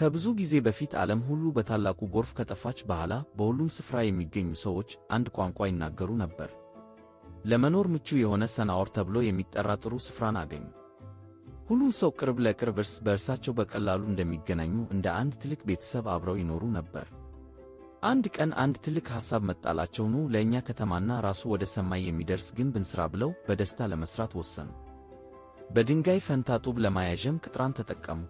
ከብዙ ጊዜ በፊት ዓለም ሁሉ በታላቁ ጎርፍ ከጠፋች በኋላ በሁሉም ስፍራ የሚገኙ ሰዎች አንድ ቋንቋ ይናገሩ ነበር። ለመኖር ምቹ የሆነ ሰናዖር ተብሎ የሚጠራ ጥሩ ስፍራን አገኙ። ሁሉም ሰው ቅርብ ለቅርብ እርስ በእርሳቸው በቀላሉ እንደሚገናኙ እንደ አንድ ትልቅ ቤተሰብ አብረው ይኖሩ ነበር። አንድ ቀን አንድ ትልቅ ሐሳብ መጣላቸው ኑ ለእኛ ከተማና ራሱ ወደ ሰማይ የሚደርስ ግንብ እንሥራ ብለው በደስታ ለመሥራት ወሰኑ። በድንጋይ ፈንታ ጡብ ለማያዠም ቅጥራን ተጠቀሙ።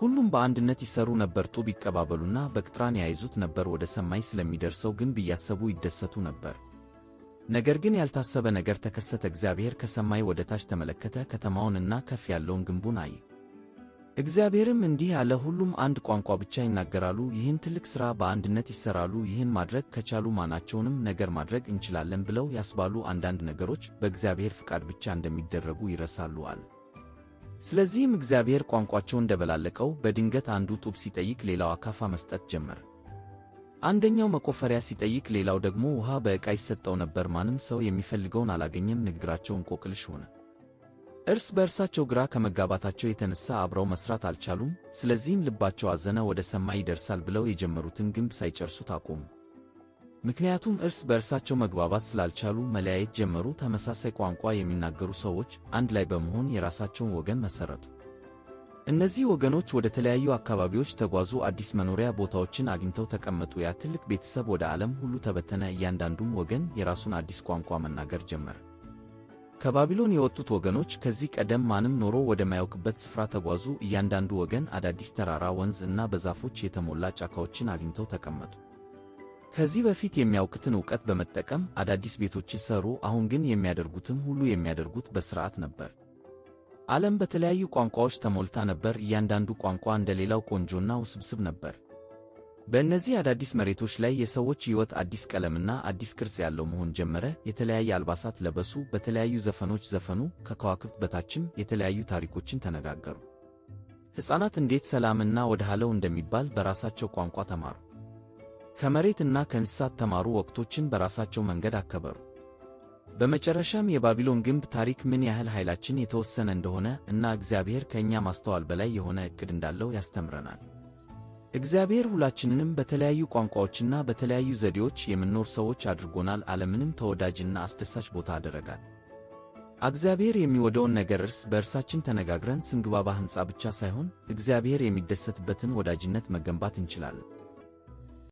ሁሉም በአንድነት ይሰሩ ነበር፣ ጡብ ይቀባበሉና በቅጥራን ያይዙት ነበር። ወደ ሰማይ ስለሚደርሰው ግንብ እያሰቡ ይደሰቱ ነበር። ነገር ግን ያልታሰበ ነገር ተከሰተ። እግዚአብሔር ከሰማይ ወደ ታች ተመለከተ፣ ከተማውንና ከፍ ያለውን ግንቡን አየ። እግዚአብሔርም እንዲህ አለ፣ ሁሉም አንድ ቋንቋ ብቻ ይናገራሉ፣ ይህን ትልቅ ሥራ በአንድነት ይሠራሉ። ይህን ማድረግ ከቻሉ ማናቸውንም ነገር ማድረግ እንችላለን ብለው ያስባሉ። አንዳንድ ነገሮች በእግዚአብሔር ፍቃድ ብቻ እንደሚደረጉ ይረሳሉ አለ። ስለዚህም እግዚአብሔር ቋንቋቸው እንደበላለቀው በድንገት አንዱ ጡብ ሲጠይቅ ሌላው አካፋ መስጠት ጀመረ። አንደኛው መቆፈሪያ ሲጠይቅ ሌላው ደግሞ ውሃ በዕቃ ይሰጠው ነበር። ማንም ሰው የሚፈልገውን አላገኘም። ንግግራቸው እንቆቅልሽ ሆነ። እርስ በእርሳቸው ግራ ከመጋባታቸው የተነሳ አብረው መስራት አልቻሉም። ስለዚህም ልባቸው አዘነ። ወደ ሰማይ ይደርሳል ብለው የጀመሩትን ግንብ ሳይጨርሱት አቆሙ። ምክንያቱም እርስ በእርሳቸው መግባባት ስላልቻሉ መለያየት ጀመሩ። ተመሳሳይ ቋንቋ የሚናገሩ ሰዎች አንድ ላይ በመሆን የራሳቸውን ወገን መሠረቱ። እነዚህ ወገኖች ወደ ተለያዩ አካባቢዎች ተጓዙ፣ አዲስ መኖሪያ ቦታዎችን አግኝተው ተቀመጡ። ያ ትልቅ ቤተሰብ ወደ ዓለም ሁሉ ተበተነ። እያንዳንዱም ወገን የራሱን አዲስ ቋንቋ መናገር ጀመረ። ከባቢሎን የወጡት ወገኖች ከዚህ ቀደም ማንም ኖሮ ወደማያውቅበት ስፍራ ተጓዙ። እያንዳንዱ ወገን አዳዲስ ተራራ፣ ወንዝ እና በዛፎች የተሞላ ጫካዎችን አግኝተው ተቀመጡ። ከዚህ በፊት የሚያውቁትን እውቀት በመጠቀም አዳዲስ ቤቶች ሲሰሩ፣ አሁን ግን የሚያደርጉትም ሁሉ የሚያደርጉት በስርዓት ነበር። ዓለም በተለያዩ ቋንቋዎች ተሞልታ ነበር። እያንዳንዱ ቋንቋ እንደሌላው ቆንጆና ውስብስብ ነበር። በእነዚህ አዳዲስ መሬቶች ላይ የሰዎች ሕይወት አዲስ ቀለምና አዲስ ቅርጽ ያለው መሆን ጀመረ። የተለያየ አልባሳት ለበሱ፣ በተለያዩ ዘፈኖች ዘፈኑ፣ ከከዋክብት በታችም የተለያዩ ታሪኮችን ተነጋገሩ። ሕፃናት እንዴት ሰላምና ወደ ኋላው እንደሚባል በራሳቸው ቋንቋ ተማሩ። ከመሬትና ከእንስሳት ተማሩ፣ ወቅቶችን በራሳቸው መንገድ አከበሩ። በመጨረሻም የባቢሎን ግንብ ታሪክ ምን ያህል ኃይላችን የተወሰነ እንደሆነ እና እግዚአብሔር ከእኛ ማስተዋል በላይ የሆነ ዕቅድ እንዳለው ያስተምረናል። እግዚአብሔር ሁላችንንም በተለያዩ ቋንቋዎችና በተለያዩ ዘዴዎች የምኖር ሰዎች አድርጎናል። ዓለምንም ተወዳጅና አስደሳች ቦታ አደረጋል። እግዚአብሔር የሚወደውን ነገር እርስ በእርሳችን ተነጋግረን ስንግባባ ሕንፃ ብቻ ሳይሆን እግዚአብሔር የሚደሰትበትን ወዳጅነት መገንባት እንችላለን።